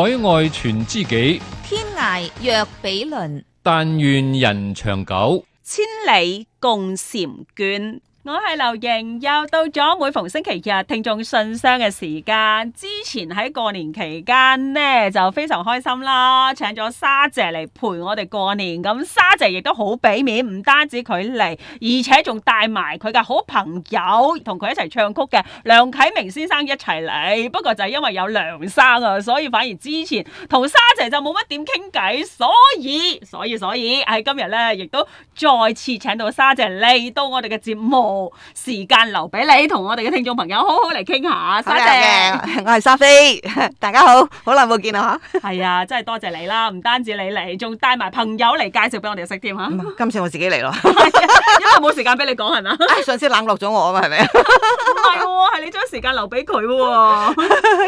海外存知己，天涯若比鄰。但願人長久，千里共嬋娟。我係劉瑩，又到咗每逢星期日聽眾信箱嘅時間。之前喺過年期間呢就非常開心啦，請咗沙姐嚟，陪我哋過年。咁沙姐亦都好俾面，唔單止佢嚟，而且仲帶埋佢嘅好朋友同佢一齊唱曲嘅梁啟明先生一齊嚟。不過就係因為有梁生啊，所以反而之前同沙姐就冇乜點傾偈，所以所以所以喺今日咧，亦都再次請到沙姐嚟到我哋嘅節目。時間留俾你同我哋嘅聽眾朋友好好嚟傾下，沙姐，okay, okay. 我係沙菲， 大家好，好耐冇見啦吓，係 啊，真係多謝你啦，唔單止你嚟，仲帶埋朋友嚟介紹俾我哋識添吓，今次我自己嚟咯 啊，因為冇時間俾你講係咪？上次冷落咗我啊嘛係咪啊，唔係喎，係你將時間留俾佢喎，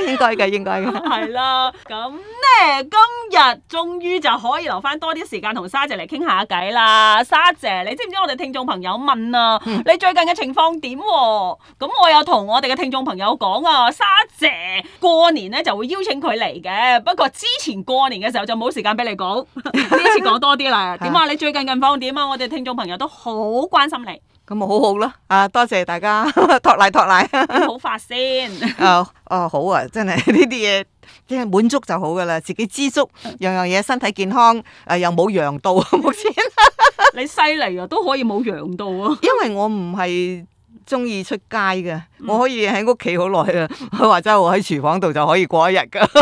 應該嘅應該嘅，係 啦、 啊，咁咧今日終於就可以留翻多啲時間同沙姐嚟傾下偈、啊、啦，沙姐，你知唔知我哋聽眾朋友問啊，嗯、你最近嘅情況點？咁我有同我哋嘅聽眾朋友講啊，沙姐過年呢就會邀請佢嚟嘅。不過之前過年嘅時候就冇時間俾你講，呢次講多啲啦。點啊？你最近情況點啊？我哋聽眾朋友都好關心你。咁啊、嗯，好好啦。啊，多謝大家託賴托賴。好發先。啊啊、 哦哦、好啊，真係呢啲嘢，即係滿足就好噶啦。自己知足，樣樣嘢，身體健康，誒、呃，又冇陽道，目前。 你犀利啊，都可以冇陽度啊！因為我唔係中意出街嘅， 我可以喺屋企好耐啊。佢話齋我喺廚房度就可以過一日㗎。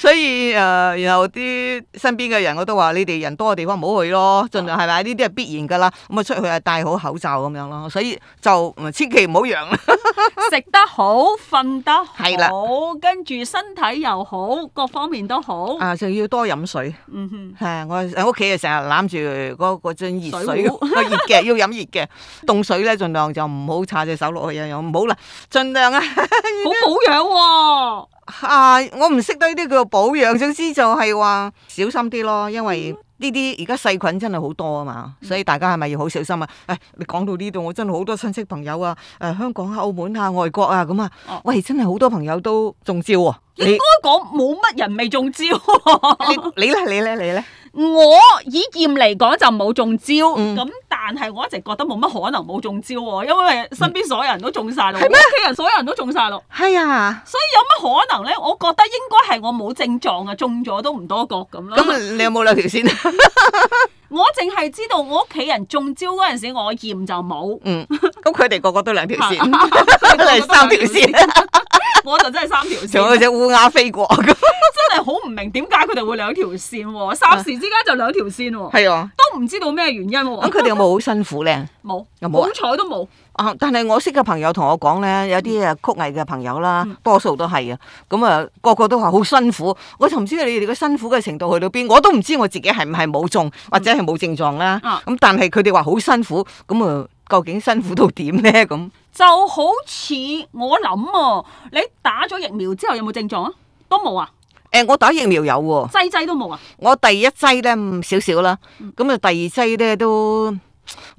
所以誒，然後啲身邊嘅人我都話：你哋人多嘅地方唔好去咯，儘量係咪？呢啲係必然㗎啦。咁啊，出去啊，戴好口罩咁樣咯。所以就千祈唔好養。食得好，瞓得好，跟住身體又好，各方面都好。啊，仲要多飲水。嗯哼。係啊，我喺屋企啊，成日攬住嗰樽熱水，熱嘅要飲熱嘅，凍水咧，儘量就唔好擦隻手落去啊！又唔好啦，儘量啊。好保養喎。啊！我唔識得呢啲叫保養，總之就係話小心啲咯，因為呢啲而家細菌真係好多啊嘛，所以大家係咪要好小心啊？誒、哎，你講到呢度，我真係好多親戚朋友啊，誒、呃、香港啊、澳門啊、外國啊咁啊，喂，真係好多朋友都中招喎、啊！你應該講冇乜人未中招，啊， 你你咧？你咧？你咧？你我以驗嚟講就冇中招，咁、嗯、但係我一直覺得冇乜可能冇中招喎，因為身邊所有人都中晒咯。係咩、嗯？屋企人所有人都中晒咯。係啊嗎，所，哎、呀所以有乜可能咧？我覺得應該係我冇症狀啊，中咗都唔多覺咁咯。咁、嗯、你有冇兩條線？ 我淨係知道我屋企人中招嗰陣時，我驗就冇。嗯，咁佢哋個個都兩條線， 個個個都係三條線， 我就真係三條線。有隻烏鴉飛過， 真係好唔明點解佢哋會兩條線喎，霎、啊、時之間就兩條線喎。係啊，都唔知道咩原因喎。咁佢哋有冇好辛苦咧？冇 有冇？好彩都冇。啊、但係我識嘅朋友同我講咧，有啲啊曲藝嘅朋友啦，嗯、多數都係啊，咁、嗯、啊、嗯、個個都話好辛苦。我就唔知道你哋嘅辛苦嘅程度去到邊，我都唔知我自己係唔係冇中或者係冇症狀啦。咁、嗯嗯嗯嗯、但係佢哋話好辛苦，咁、嗯、啊究竟辛苦到點咧？咁、嗯、就好似我諗啊，你打咗疫苗之後有冇症狀啊？都冇啊？誒、欸，我打疫苗有喎。劑劑都冇啊？我第一劑咧少少啦，咁、嗯、啊第二劑咧都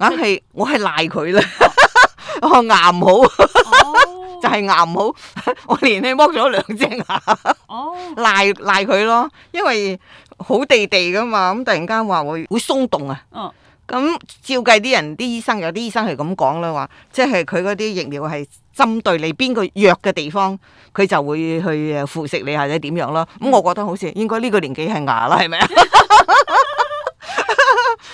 硬係就我係賴佢啦。哦、牙唔好， 就係牙唔好， 我連氣剝咗兩隻牙， 賴賴佢咯，因為好地地噶嘛，咁突然間話會會鬆動啊，咁、哦嗯、照計啲人啲醫生有啲醫生係咁講啦，話即係佢嗰啲疫苗係針對你邊個弱嘅地方，佢就會去誒腐蝕你或者點樣咯，咁、嗯、我覺得好似應該呢個年紀係牙啦，係咪啊？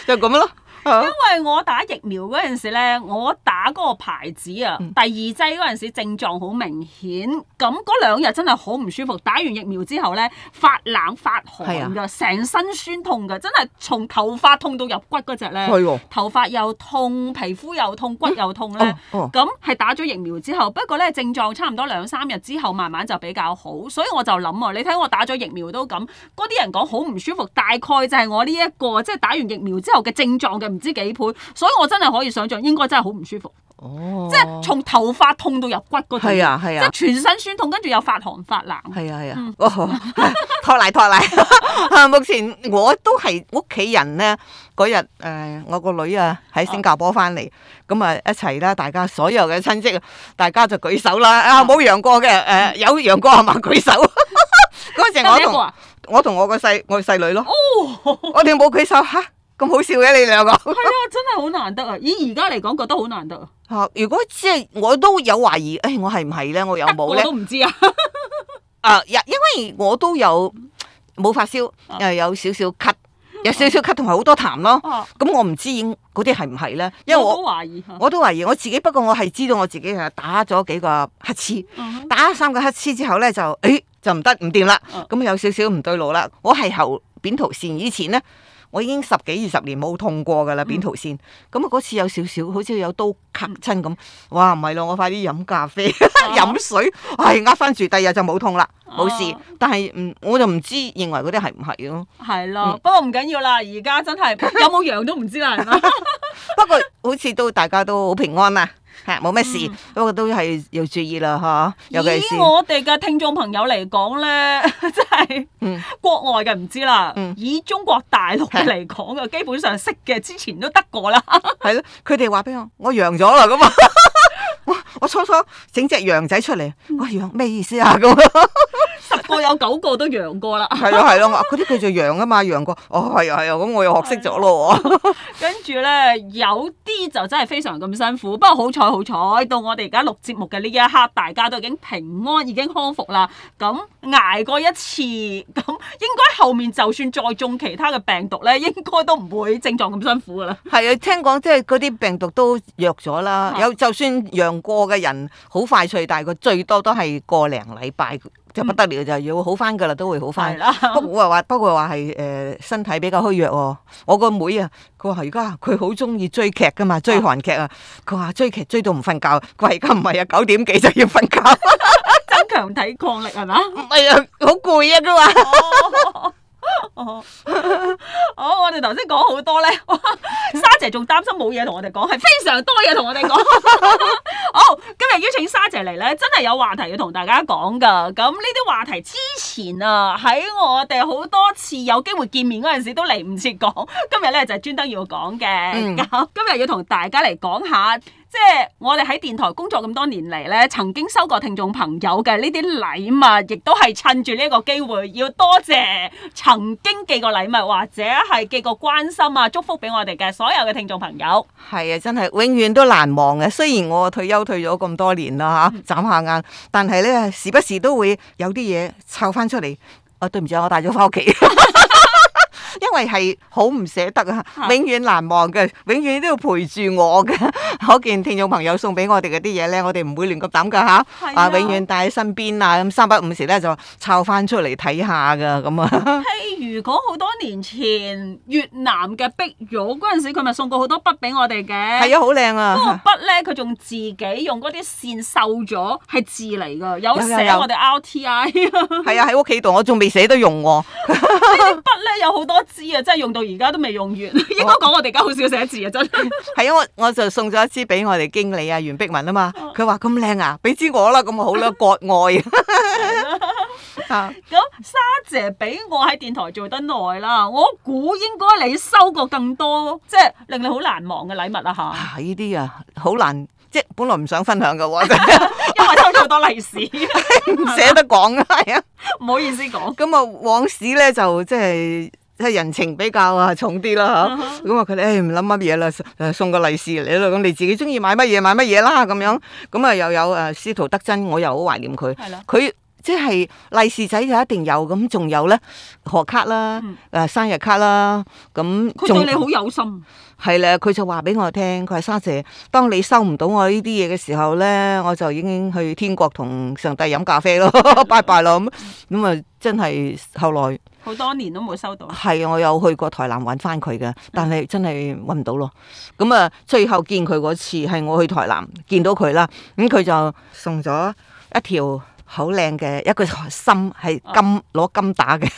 就咁咯。因為我打疫苗嗰陣時咧，我打嗰個牌子啊，第二劑嗰陣時症狀好明顯，咁嗰兩日真係好唔舒服。打完疫苗之後呢，發冷發寒㗎，成身酸痛㗎，真係從頭髮痛到入骨嗰隻呢，的頭髮又痛，皮膚又痛，骨又痛呢，咁係打咗疫苗之後，不過呢症狀差唔多兩三日之後慢慢就比較好，所以我就諗啊，你睇我打咗疫苗都咁，嗰啲人講好唔舒服，大概就係我呢一個，即係打完疫苗之後嘅症狀嘅。唔知幾倍，所以我真係可以想象，應該真係好唔舒服。哦，即係從頭髮痛到入骨嗰度，即係全身酸痛，跟住又發寒發冷。係啊係啊，托賴托賴。目前我都係屋企人咧，嗰日誒，我個女啊喺新加坡翻嚟，咁啊一齊啦，大家所有嘅親戚，大家就舉手啦，啊冇陽過嘅誒，有陽過係嘛，舉手。嗰陣我同我同我個細我細女咯，我哋冇舉手嚇。咁好笑嘅你哋兩個？係啊，真係好難得啊！以而家嚟講覺得好難得啊！嚇，如果即係我都有懷疑，誒，我係唔係咧？我又冇咧？我都唔知 啊！啊，因因為我都有冇發燒，又有少少咳，有少少咳同埋好多痰咯。咁我唔知應嗰啲係唔係咧？因為我，我都懷疑，我都懷疑我自己。不過我係知道我自己係打咗幾個乞嗤，打咗三個乞嗤之後咧就，誒就唔得唔掂啦。咁有少少唔對路啦。我係喉扁桃腺以前咧。我已經十幾二十年冇痛過㗎啦，扁桃腺。咁嗰、嗯、次有少少，好似有刀磕親咁。哇，唔係咯，我快啲飲咖啡、飲、啊、水，係壓翻住，第二日就冇痛啦，冇事。但係唔，我就唔知，認為嗰啲係唔係咯。係咯、嗯，不過唔緊要啦。而家真係有冇陽都唔知啦，係嘛。 不過好似都大家都好平安啊。係冇咩事，不過、嗯、都係要注意啦，吓。尤其是以我哋嘅聽眾朋友嚟講咧，真係，嗯，國外嘅唔知啦。嗯，以中國大陸嚟講嘅，嗯、基本上識嘅之前都得過啦。係咯的，佢哋話俾我，我陽咗啦，咁啊。哇！我初初整隻羊仔出嚟，我羊咩意思啊？咁 十個有九個都羊過啦。係咯係咯，嗰啲叫做羊啊嘛，羊過哦係啊係啊，咁我又學識咗咯。的 跟住咧，有啲就真係非常咁辛苦，不過好彩好彩，到我哋而家錄節目嘅呢一刻，大家都已經平安，已經康復啦。咁挨過一次，咁應該後面就算再中其他嘅病毒咧，應該都唔會症狀咁辛苦噶啦。係啊，聽講即係嗰啲病毒都弱咗啦，有 就算上過嘅人好快脆，但係佢最多都係個零禮拜就不得了，就要好翻噶啦，都會好翻的。不過話不過話係誒身體比較虛弱喎、哦。我個妹啊，佢話而家佢好中意追劇㗎嘛，追韓劇啊。佢話追劇追到唔瞓覺，佢話而家唔係啊，九點幾就要瞓覺， 增強抵抗力係嘛？唔係啊，好攰啊都話。 哦，好！我哋頭先講好多咧，哇，沙姐仲擔心冇嘢同我哋講，係非常多嘢同我哋講。好、 哦，今日邀請沙姐嚟咧，真係有話題要同大家講噶。咁呢啲話題之前啊，喺我哋好多次有機會見面嗰陣時都嚟唔切講，今日咧就專登要講嘅。今日要同大家嚟講下。即係我哋喺電台工作咁多年嚟呢，曾經收過聽眾朋友嘅呢啲禮物，亦都係趁住呢一個機會，要多謝曾經寄過禮物或者係寄過關心啊、祝福俾我哋嘅所有嘅聽眾朋友。係啊，真係永遠都難忘嘅。雖然我退休退咗咁多年啦吓，眨下眼，但係呢，時不時都會有啲嘢湊翻出嚟。啊，對唔住，我帶咗翻屋企。 因為係好唔捨得遠遠 啊，啊，永遠難忘嘅，永遠都要陪住我嘅。可件聽眾朋友送俾我哋嗰啲嘢咧，我哋唔會亂咁抌噶嚇，啊，永遠帶喺身邊啊。咁三不五時咧就摷翻出嚟睇下噶咁啊。譬 如果好多年前越南嘅碧玉嗰陣時，佢咪送過好多筆俾我哋嘅，係啊，好靚啊。嗰個筆咧，佢仲自己用嗰啲線繡咗，係字嚟㗎，有寫我哋們 R T I。係啊，喺屋企度我仲未捨得用喎，啊。 筆咧有好多。知啊，真係用到而家都未用完，應該講我哋而家好少寫字啊，真係。係因為我我，就送咗一支俾我哋經理啊袁碧文啊嘛，佢話咁靚啊，俾支我啦，咁啊好啦，割愛。咁沙姐俾我喺電台做得耐啦，我估應該你收過更多，即係令你好難忘嘅禮物啊吓。啊，呢啲啊，好難，即係本來唔想分享噶，因為收咗好多歷史，唔捨得講，係啊，唔好意思講。咁啊，往事咧就即係。即係人情比較啊重啲啦，咁啊，佢哋誒唔諗乜嘢啦，送個利是嚟咯，咁你自己中意買乜嘢買乜嘢啦咁樣，咁、嗯、啊又有啊司徒德珍，我又好懷念佢，佢、uh huh. 即係利是仔就一定有，咁仲有咧賀卡啦，誒生日卡啦，咁、嗯、佢、嗯、對你好有心，係、嗯、啦，佢就話俾我聽，佢係沙姐，當你收唔到我呢啲嘢嘅時候咧，我就已經去天國同上帝飲咖啡咯，拜拜咯咁，咁、huh. 啊、uh huh. 嗯、真係後來。好多年都冇收到，係啊！我有去過台南揾翻佢嘅，但係真係揾唔到咯。咁、嗯、啊，最後見佢嗰次係我去台南見到佢啦。咁、嗯、佢就送咗一條好靚嘅一個心，係金攞、啊、金打嘅，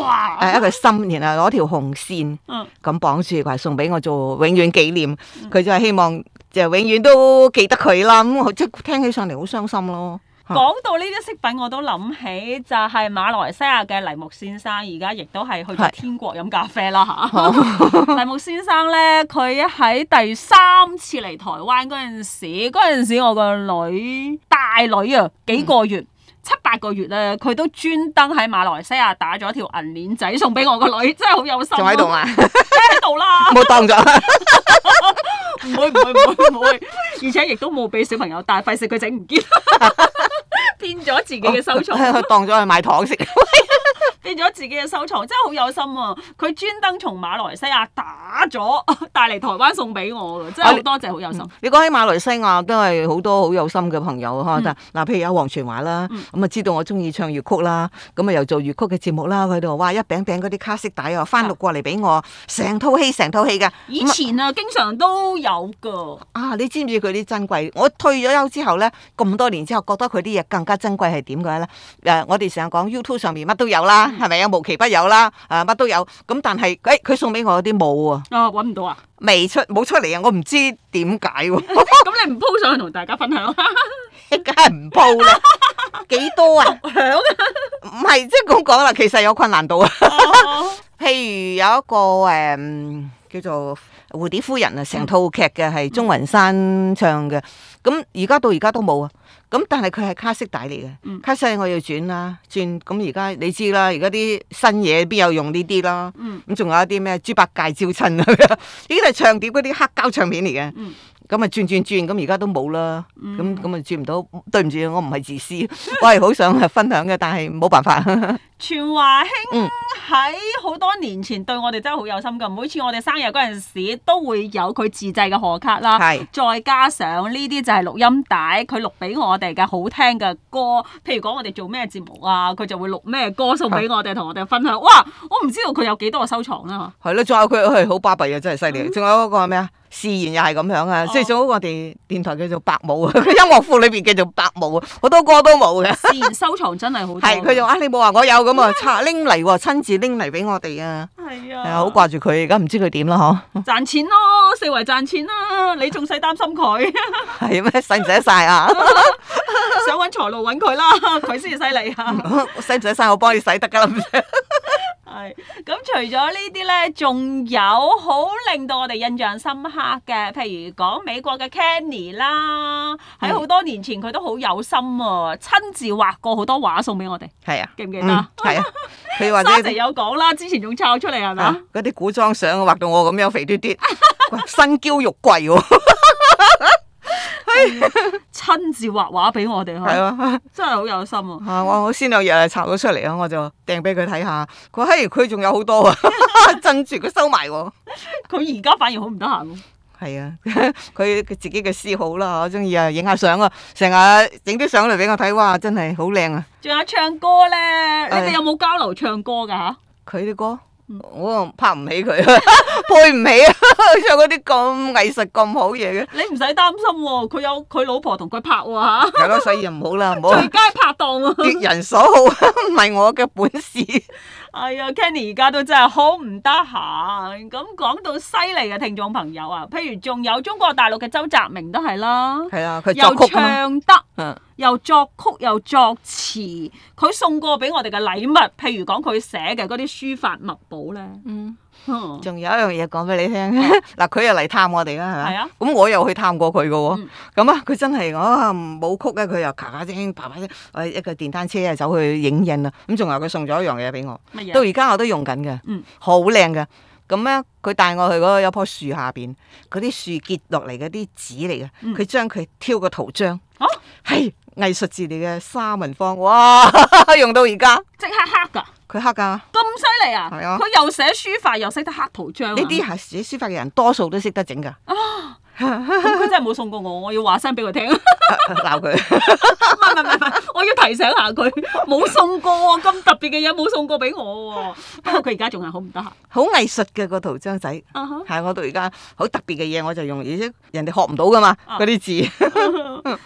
哇 一個心，然後攞條紅線咁綁住，佢話送俾我做永遠紀念。佢、嗯、就係希望就永遠都記得佢啦。咁我即係聽起上嚟好傷心咯。講到呢啲飾品，我都諗起就係馬來西亞嘅黎木先生，而家亦都係去咗天國飲咖啡啦嚇。 黎木先生呢，佢喺第三次嚟台灣嗰陣時，嗰陣時我個女大女啊幾個月，嗯、七八個月啊。佢都專登喺馬來西亞打咗條銀鏈仔送俾我個女，真係好有心。仲喺度啊？喺度啦，冇 當咗作。唔會唔會唔會唔會，而且亦都冇俾小朋友戴，費事佢整唔見。 捐咗自己嘅收藏，哦，佢當咗去買糖食。變咗自己嘅收藏，真係好有心啊！佢專登從馬來西亞打咗帶嚟台灣送俾我㗎，真係多謝，好有心。啊、你講、嗯、起馬來西亞都係好多好有心嘅朋友嗱譬、嗯、如有黃傳華啦，咁啊、嗯、知道我中意唱粵曲啦，咁啊又做粵曲嘅節目啦，佢哋話哇，一餅餅嗰啲卡式帶啊，翻到過嚟俾我，成套、嗯、戲成套戲㗎。以前啊，嗯、經常都有㗎。啊，你知唔知佢啲珍貴？我退咗休之後呢，咁多年之後覺得佢啲嘢更加珍貴係點嘅咧？我哋成日講 YouTube 上面乜都有啦。嗯係咪啊？無奇不有啦！啊，乜都有。咁但係，誒、哎，佢送俾我啲冇喎。啊、哦，揾唔到啊！未出冇出嚟啊！我唔知點解喎。咁你唔 po 上去同大家分享啊？梗係唔 po 啦，幾多啊？唔、嗯、係，即係咁講啦，其實有困難度啊。譬如有一個誒。嗯嗯嗯嗯嗯嗯叫做蝴蝶夫人啊，成套劇嘅係鍾雲山唱嘅，咁而家到而家都冇啊，咁但係佢係卡式帶嚟嘅，嗯、卡式我要轉啦，轉，咁而家你知啦，而家啲新嘢邊有用呢啲咯，咁仲、嗯、有一啲咩豬八戒招親啊，呢啲係唱碟嗰啲黑膠唱片嚟嘅，咁啊、嗯、轉轉轉，咁而家都冇啦，咁咁啊轉唔到，對唔住，我唔係自私，我係好想分享嘅，但係冇辦法。 全華興喺好多年前對我哋真係好有心噶，每次我哋生日嗰陣時都會有佢自製嘅賀卡啦。係是再加上呢啲就係錄音帶，佢錄俾我哋嘅好聽嘅歌。譬如講我哋做咩節目啊，佢就會錄咩歌送俾我哋，同是我哋分享。哇！我唔知道佢有幾多個收藏啊。係咯，仲有佢係好巴閉啊，真係犀利。仲、嗯、有嗰個係咩啊？誓言又係咁樣啊！即係做我哋電台叫做白舞啊，佢 音樂庫裏邊叫做白舞啊，好多歌都冇嘅。誓言收藏真係好。係佢就話：你冇話我有。咁啊，拆拎嚟喎，親自拎嚟俾我哋啊！係啊、呃，好掛住佢，而家唔知佢點咯嗬？賺錢咯，四圍賺錢咯，你仲使擔心佢？係咩？使唔使晒啊？ 想揾財路揾佢啦，佢先至犀利啊！使唔使晒？我幫你使得噶啦， 係，咁除咗呢啲咧，仲有好令到我哋印象深刻嘅，譬如講美國嘅 Canny 啦，喺好多年前佢都好有心喎，親自畫過好多畫送俾我哋。係啊，記唔記得？係、嗯、啊，譬沙迪有講啦，之前仲抄出嚟係咪嗰啲古裝相畫到我咁樣肥嘟嘟，身嬌肉貴喎。 親 自畫畫俾我哋，係啊，真係好有心啊！我我先兩日啊，拆咗出嚟啊，我，我就掟俾佢睇下。佢嘿，佢仲有好多啊，趁住佢收埋我。佢而家反而好唔得閒咯。係啊，佢佢自己嘅嗜好啦，我中意啊，影下相啊，成日影啲相嚟俾我睇。哇，真係好靚啊！仲有唱歌咧，你哋有冇交流唱歌噶吓？佢啲、哎、歌。我、嗯、拍唔起佢，配唔 起 啊！唱嗰啲咁藝術咁好嘢嘅，你唔使擔心喎。佢有佢老婆同佢拍喎嚇，咁所以唔好啦，好，最佳拍檔啊！ 人所好唔係我嘅本事。 哎呀 Kenny 而家都真係好唔得閒。咁講到犀利嘅聽眾朋友啊，譬如仲有中國大陸嘅周澤明都係啦，係啊，佢作曲啊，又唱得、嗯又作曲又作詞，佢送過俾我哋嘅禮物，譬如講佢寫嘅嗰啲書法墨寶咧。嗯，仲有一樣嘢講俾你聽，嗱，佢又嚟探我哋啦，係咪？係啊。咁我又去探過佢嘅喎。咁啊，佢真係啊，冇曲咧佢又咔咔聲，啪啪聲，誒一個電單車啊走去影印啊。咁仲有佢送咗一樣嘢俾我。乜嘢？到而家我都用緊嘅。好靚嘅，咁咧佢帶我去嗰個有棵樹下邊，嗰啲樹結落嚟嗰啲紙嚟嘅，佢將佢挑個圖章。啊，係藝術字嚟嘅沙文芳，哇，用到而家，即刻黑噶，佢黑噶，咁犀利啊，係啊，佢又寫書法又識得刻圖章，呢啲係寫書法嘅人多數都識得整噶，啊，咁佢真係冇送過我，我要話聲俾佢聽，鬧佢，唔係唔係唔係，我要提醒下佢，冇送過，咁特別嘅嘢冇送過俾我，不過佢而家仲係好唔得閒，好藝術嘅個圖章仔，係我到而家好特別嘅嘢，我就用，而且人哋學唔到噶嘛，嗰啲字。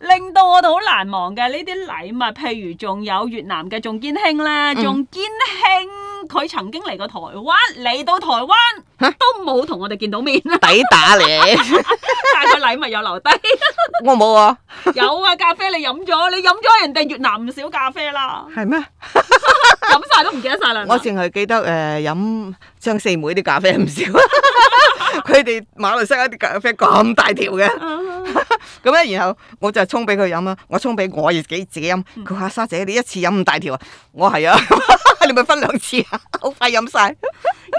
令到我哋好難忘嘅呢啲禮物，譬如仲有越南嘅仲堅興啦，嗯、仲堅興佢曾經嚟過台灣，嚟到台灣都冇同我哋見到面，抵打你，但係佢禮物又留低。我冇啊，有啊，咖啡你飲咗，你飲咗人哋越南唔少咖啡啦。係咩？飲晒都唔記得晒啦。我淨係記得誒飲張四妹啲咖啡唔少，佢哋馬來西亞啲咖啡咁大條嘅。咁咧，然後我就係沖俾佢飲啊。我沖俾我自己自己飲。佢話：沙、嗯、姐，你一次飲咁大條啊！我話係啊，你咪分兩次啊，好快飲晒。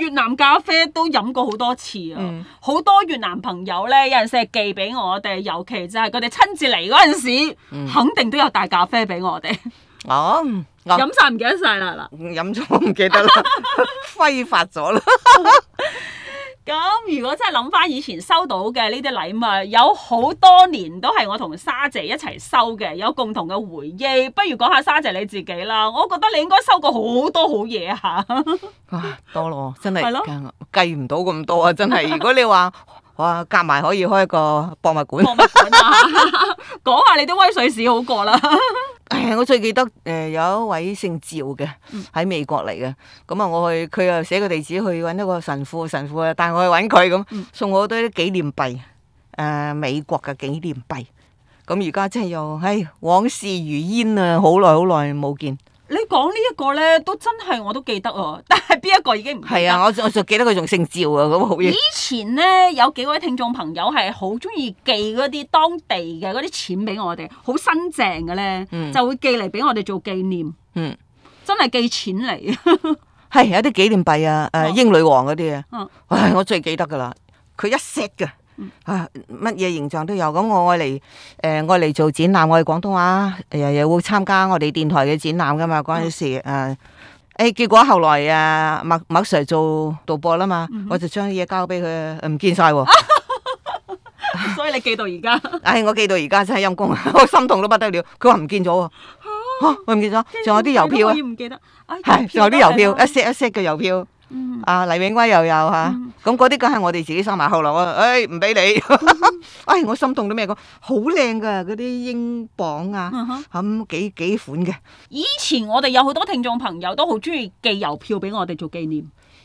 越南咖啡都飲過好多次啊，好、嗯、多越南朋友咧，有人成日寄俾我哋，尤其就係佢哋親自嚟嗰陣時，嗯、肯定都有大咖啡俾我哋。哦、啊，飲曬唔記得晒啦嗱，飲咗唔記得啦， 揮發咗啦。 咁如果真係諗翻以前收到嘅呢啲禮物，有好多年都係我同沙姐一齊收嘅，有共同嘅回憶。不如講下沙姐你自己啦，我覺得你應該收過好多好嘢嚇、啊。哇、 啊！多咯，真係係咯，計唔到咁多啊！真係，如果你話～ 哇，夾埋可以開一個博物館，博物館、講下、啊、 你啲威水史好過啦、啊。 我最記得誒有一位姓趙嘅喺美國嚟嘅，咁啊我去佢又寫個地址去揾一個神父，神父帶我去揾佢咁，送我好多啲紀念幣，誒、呃、美國嘅紀念幣。咁而家真係又，唉、哎，往事如煙啊，好耐好耐冇見。你講呢一個咧，都真係我都記得哦。但係邊一個已經唔記得。係啊，我我仲記得佢仲姓趙啊，咁好嘢。以前咧有幾位聽眾朋友係好中意寄嗰啲當地嘅嗰啲錢俾我哋，好新淨嘅咧，嗯、就會寄嚟俾我哋做紀念。嗯。真係寄錢嚟啊！係 有啲紀念幣啊，誒、啊、英女王嗰啲啊。唉、啊哎，我最記得㗎啦，佢一錫㗎。啊，乜嘢形象都有咁，我嚟，誒，我嚟做展覽，我係廣東話，又又會參加我哋電台嘅展覽噶嘛，嗰陣時，誒，誒，結果後來啊，麥麥 Sir 做導播啦嘛，我就將啲嘢交俾佢，唔見晒喎，笑 iquer 所以你記到而家？唉，我記到而家真係陰功啊，我心痛到不得了。佢話唔見咗喎，我唔見咗，仲有啲郵票啊，唔記得，係、哎、仲有啲郵票，一 set 一 set 嘅郵票。啊，黎永威又有嚇，咁嗰啲梗係我哋自己收埋後樓喎，誒唔俾你，誒、 哎、我心痛到咩咁，好靚噶嗰啲英鎊啊，咁幾幾款嘅。以前我哋有好多聽眾朋友都好中意寄郵票俾我哋做紀念，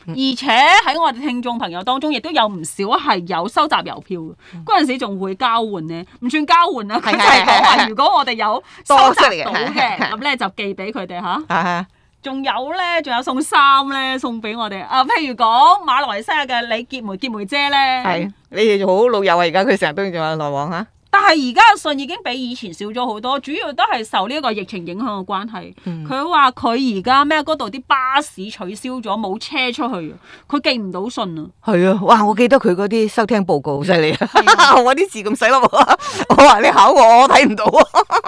而且喺我哋聽眾朋友當中亦都有唔少係有收集郵票嘅，嗰、嗯、時仲會交換呢，唔算交換啊。就係如果我哋有收集到嘅，咁咧就寄俾佢哋嚇。啊仲有咧，仲有送衫咧，送俾我哋啊！譬如講馬來西亞嘅李潔梅潔梅姐咧，係你哋好老友啊！而家佢成日都仲有來往嚇。但係而家信已經比以前少咗好多，主要都係受呢一個疫情影響嘅關係。佢話佢而家咩？嗰度啲巴士取消咗，冇車出去，佢寄唔到信啊。係啊！哇！我記得佢嗰啲收聽報告好犀利啊！我啲字咁細粒，我話你考我，我睇唔到啊！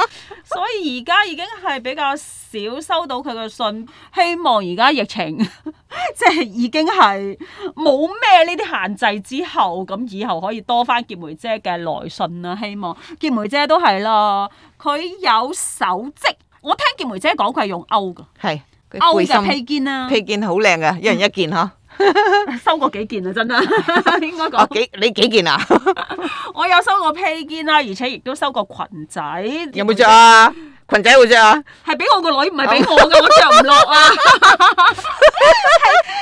所以而家已經係比較少收到佢嘅信，希望而家疫情，呵呵，即係已經係冇咩呢啲限制之後，咁以後可以多返潔梅姐嘅來信啦。希望潔梅姐都係啦，佢有手織，我聽潔梅姐講佢係用鈎嘅。係。鈎嘅披肩啊！披肩好靚嘅，一人一件吓。嗯 收過幾件應該啊，真啊，應該講。我幾你幾件啊？ 我有收過披肩啦，而且亦都收過裙仔。有冇着啊？裙仔會着啊？係俾我個女，唔係俾我嘅，我着唔落啊。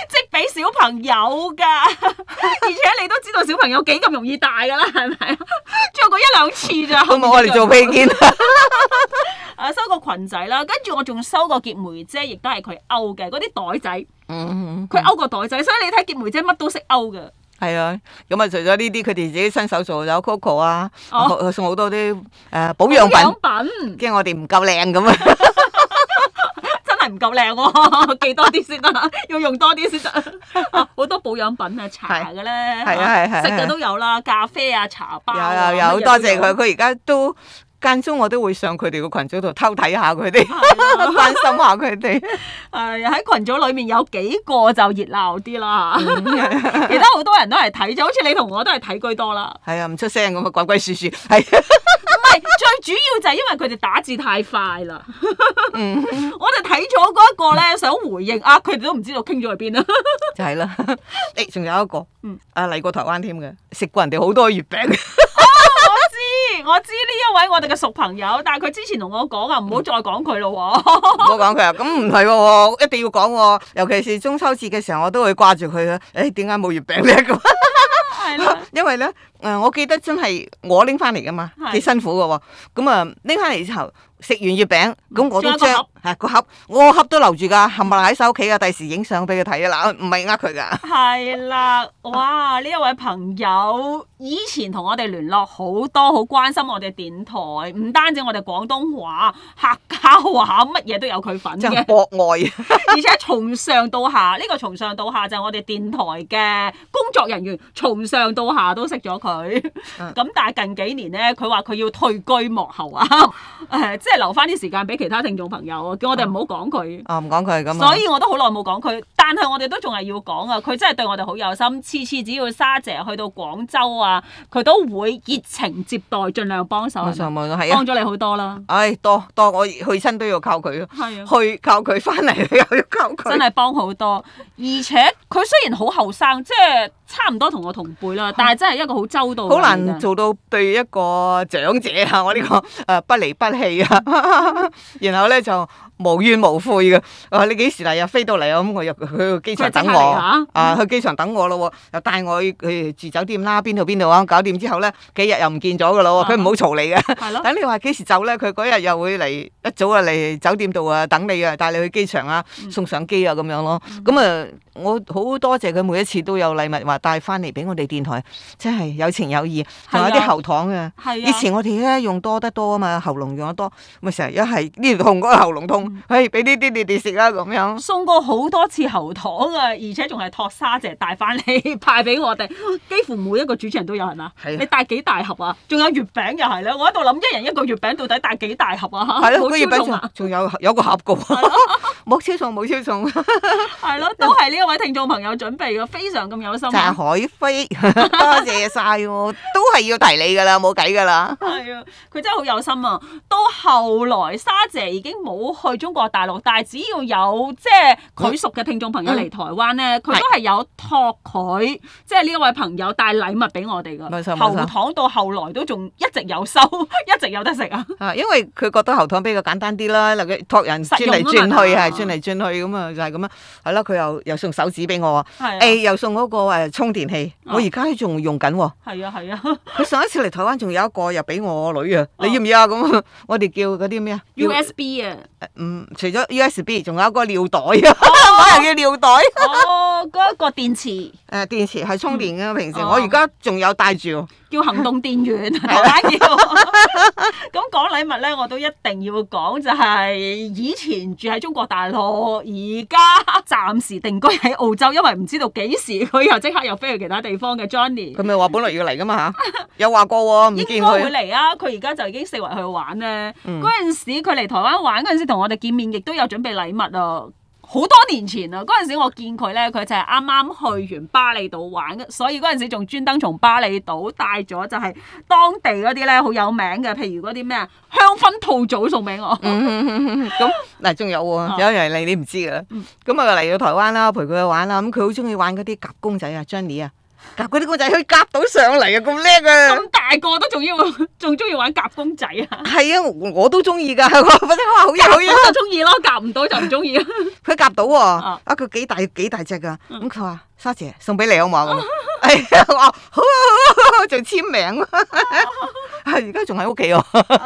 即係俾小朋友噶，而且你都知道小朋友幾咁容易大噶啦，係咪？着過一兩次咋，好唔好？我哋做披肩。我收過裙仔啦，跟住我仲收過結梅姐，亦都係佢勾嘅嗰啲袋仔。嗯，佢勾個袋仔，所以你睇潔梅姐乜都識勾嘅。係啊，咁啊，除咗呢啲，佢哋自己親手做有 Coco 啊，送好多啲誒保養品，驚我哋唔夠靚咁啊！真係唔夠靚，寄多啲先得，要用多啲先得。好多保養品啊，茶嘅咧，係啊係係，食嘅都有啦，咖啡啊，茶包。有有有多謝佢，佢而家都。間中我都會上佢哋個群組度偷睇下佢哋，啊、關心下佢哋。係喺、啊、群組裏面有幾個就熱鬧啲啦，嗯啊、 其他好多人都係睇咗，好似你同我都係睇居多啦。係啊，唔出聲咁啊，鬼鬼祟祟。係。唔係最主要就係因為佢哋打字太快啦。 我哋睇咗嗰一個咧，想回應、嗯、啊，佢哋都唔知道傾咗去邊啦。 就係啦。誒、哎，仲有一個，嗯、啊嚟過台灣添嘅，食過人哋好多月餅。 我知呢一位我哋嘅熟朋友，但係佢之前同我講啊，唔好再講佢咯喎。唔好講佢啊，咁唔係喎，一定要講喎。尤其是中秋節嘅時候，我都會掛住佢嘅。誒、哎，點解冇月餅呢？咁 的？係啦，因為呢。誒，我記得真係我拎翻嚟㗎嘛，幾辛苦㗎喎。咁啊是，拎翻嚟之後食完月餅，咁我都將係個盒，盒，我盒都留住㗎，冚唪唥喺晒屋企㗎，第時影相俾佢睇啊！嗱，唔係呃佢㗎。係啦，哇！呢一 位朋友以前同我哋聯絡好多，好關心我哋電台，唔單止我哋廣東話、客家話，乜嘢都有佢份嘅。國外， 而且從上到下，呢、這個從上到下就係我哋電台嘅工作人員，從上到下都識咗佢。咁， 但係近幾年咧，佢話佢要退居幕後啊！誒，即係留翻啲時間俾其他聽眾朋友啊，叫我哋唔好講佢啊，唔講佢咁。所以我都好耐冇講佢，但係我哋都仲係要講啊！佢真係對我哋好有心，次次只要沙姐去到廣州啊，佢都會熱情接待，盡量幫手。我想問係幫咗你好多啦！啊！唉，多多，我去親都要靠佢啊，去靠佢，翻嚟又要靠佢，真係幫好多。而且佢雖然好後生，即係差唔多同我同輩啦，但係真係一個好好難做到對一個長者啊！我呢、這個誒、呃、不離不棄啊， 然後呢，就。無怨無悔嘅，啊你幾時嚟啊？飛到嚟啊！咁我入去機場等我，啊去機場等我咯，嗯、又帶我去住酒店啦，邊度邊度啊？搞掂之後咧，幾日又唔見咗嘅咯。佢唔好嘈你嘅，嗯、 你等你話幾時走咧？佢嗰日又會嚟一早啊嚟酒店度啊等你啊，帶你去機場啊，送上機啊咁樣咯。咁啊、嗯嗯，我好多謝佢每一次都有禮物話帶翻嚟俾我哋電台，真係有情有義，仲、啊、有啲喉糖嘅。啊、以前我哋咧用多得多啊嘛，喉嚨用得多，咪成日一係呢度痛嗰喉嚨痛。誒，俾啲啲啲啲食啦，咁樣送過好多次喉糖啊，而且仲係託沙姐帶翻嚟派俾我哋，幾乎每一個主持人都有人啊。係啊！你帶幾大盒啊？仲有月餅又係咧，我喺度諗一人一個月餅，到底帶幾大盒啊？係咯，好多月餅啊！仲、啊、有有個盒噶，冇超重冇超重，係咯、 啊，都係呢一位聽眾朋友準備嘅，非常咁有心、啊。就係海飛，多謝晒喎， 都係要提你㗎啦，冇計㗎啦。係啊，佢真係好有心啊！到後來沙姐已經冇去中國大陸，但係只要有即係佢熟嘅聽眾朋友嚟台灣咧，佢都係有託佢即係呢一位朋友帶禮物俾我哋噶。喉糖到後來都仲一直有收，一直有得食啊！因為佢覺得喉糖比較簡單啲啦，託人轉嚟轉去係轉嚟轉去咁啊，就係咁樣。係咯，佢又又送手指俾我啊！係。誒，又送嗰個充電器，我而家仲用緊喎。係啊係啊！佢上一次嚟台灣仲有一個又俾我女啊，你要唔要啊？咁我哋叫嗰啲咩啊？USB 啊！嗯、除咗 USB，仲有一個尿袋啊！我又要尿袋。哦，嗰、那、一個電池。誒、呃，電池係充電嘅。平時、嗯、我而家仲有帶住。叫行動電源，台灣叫。咁 講禮物咧，我都一定要講、就是，就係以前住喺中國大陸，而家暫時定居喺澳洲，因為唔知道幾時佢又即刻又飛去其他地方嘅 Johnny。佢咪話本來要嚟噶嘛嚇？ 有話過喎。唔見佢會嚟啊！佢而家就已經四圍去玩咧。嗰陣、嗯、時佢嚟台灣玩嗰陣時，同我哋，見面亦都有準備禮物啊，好多年前啊，嗰陣時我見佢咧，佢就係啱啱去完巴厘島玩嘅，所以嗰陣時仲專登從巴厘島帶咗就係當地嗰啲咧好有名嘅，譬如嗰啲咩啊香薰套組送俾我，咁嗱，仲有喎，有一樣你你唔知噶啦，咁啊嚟到台灣啦，陪佢去玩啦，咁佢好中意玩嗰啲夾公仔啊，Johnny 啊。夾嗰啲公仔可以夾到上嚟啊，咁叻啊！咁大個都仲要，仲中意玩夾公仔啊！係啊，我都中意噶，反正哇，好嘢好嘢就中意咯，夾唔呵到就唔中意啦。佢夾到喎、哦，啊、佢、啊、幾大幾大隻噶，咁佢話。沙姐送俾你啊嘛，係啊，我好，仲簽名，係 而家仲喺屋企喎。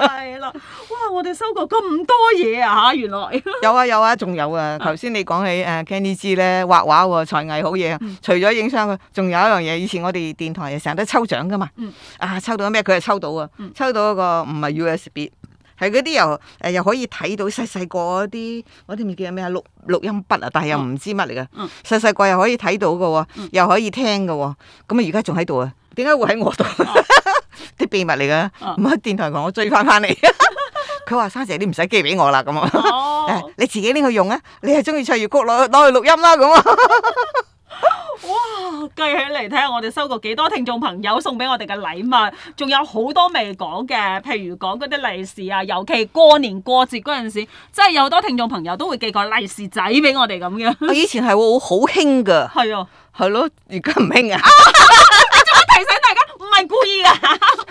係 啦，哇！我哋收過咁多嘢啊嚇，原來有啊 有啊，仲有啊！頭先、啊、你講起誒 Candy 芝咧畫畫喎、啊，才藝好嘢啊！嗯、除咗影相，仲有一樣嘢，以前我哋電台又成日都抽獎㗎嘛。嗯、啊！抽到咩？佢係抽到啊！抽到嗰個唔係 USB。係嗰啲，又誒又可以睇到細細個，嗰啲嗰啲我唔記得咩啊，錄錄音筆啊，但係又唔知乜嚟噶，細細個又可以睇到嘅喎，又可以聽嘅喎，咁啊而家仲喺度啊，點解會喺我度？啲秘密嚟噶，唔喺、啊、電台台我追翻翻嚟。佢 話：沙姐，你唔使寄俾我啦，咁啊， 你自己拎去用啊，你係中意唱粵曲攞攞去錄音啦，咁啊。 哇！計起嚟睇下，看看我哋收過幾多聽眾朋友送俾我哋嘅禮物，仲有好多未講嘅，譬如講嗰啲利是啊，尤其過年過節嗰陣時，真係有好多聽眾朋友都會寄個利是仔俾我哋咁樣。我以前係會好興㗎，係啊，係咯，而家唔興啊！我仲會提醒大家。唔係 故意嘅，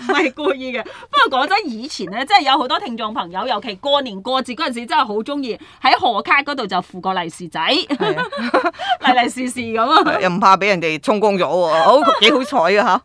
唔係故意嘅。不過講真，以前咧，真係有好多聽眾朋友，尤其過年過節嗰陣時真，真係好中意喺賀卡嗰度就付個利是仔、啊，利利 是是咁啊！又唔怕俾人哋充公咗喎，好幾好彩嘅嚇。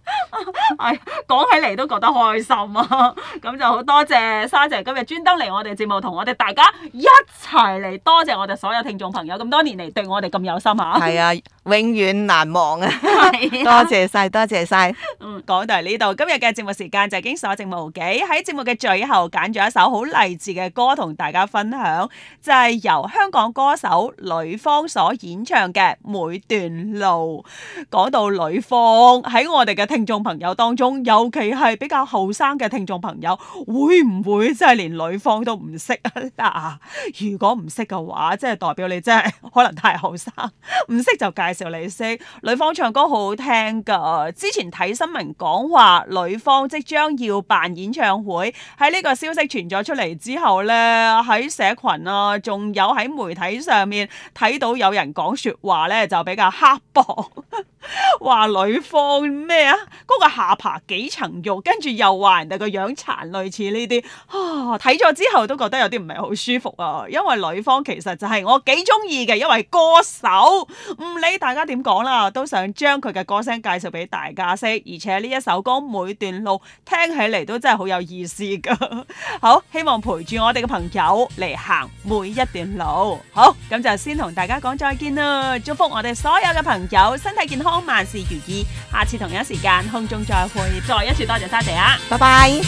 係講 哎、起嚟都覺得開心啊！咁就好多謝沙姐今日專登嚟我哋節目，同我哋大家一齊嚟，多謝我哋所有聽眾朋友咁多年嚟對我哋咁有心嚇、啊。係啊，永遠難忘啊！多謝晒，多謝晒。啊、嗯，講。嚟呢度，今日嘅節目時間就已經所剩無幾。喺節目嘅最後，揀咗一首好勵志嘅歌同大家分享，就係由香港歌手呂方所演唱嘅《每段路》。講到呂方，喺我哋嘅聽眾朋友當中，尤其係比較後生嘅聽眾朋友，會唔會真係連呂方都唔識啊？如果唔識嘅話，即係代表你真係可能太後生，唔識就介紹你識。呂方唱歌好好聽噶，之前睇新聞講。講話女方即將要辦演唱會，喺呢個消息傳咗出嚟之後咧，喺社群啊，仲有喺媒體上面睇到有人講說話咧，就比較刻薄，話 女方咩啊？嗰個下巴幾層肉，跟住又話人哋個樣殘，類似呢啲，啊睇咗之後都覺得有啲唔係好舒服啊，因為女方其實就係我幾中意嘅，一位歌手，唔理大家點講啦，都想將佢嘅歌聲介紹俾大家識，而且呢一首。首歌每段路聽起嚟，都真係好有意思噶，好希望陪住我哋嘅朋友嚟行每一段路。好，咁就先同大家講再見啦，祝福我哋所有嘅朋友身體健康，萬事如意，下次同一時間空中再會，再一次多謝沙姐啊，拜拜。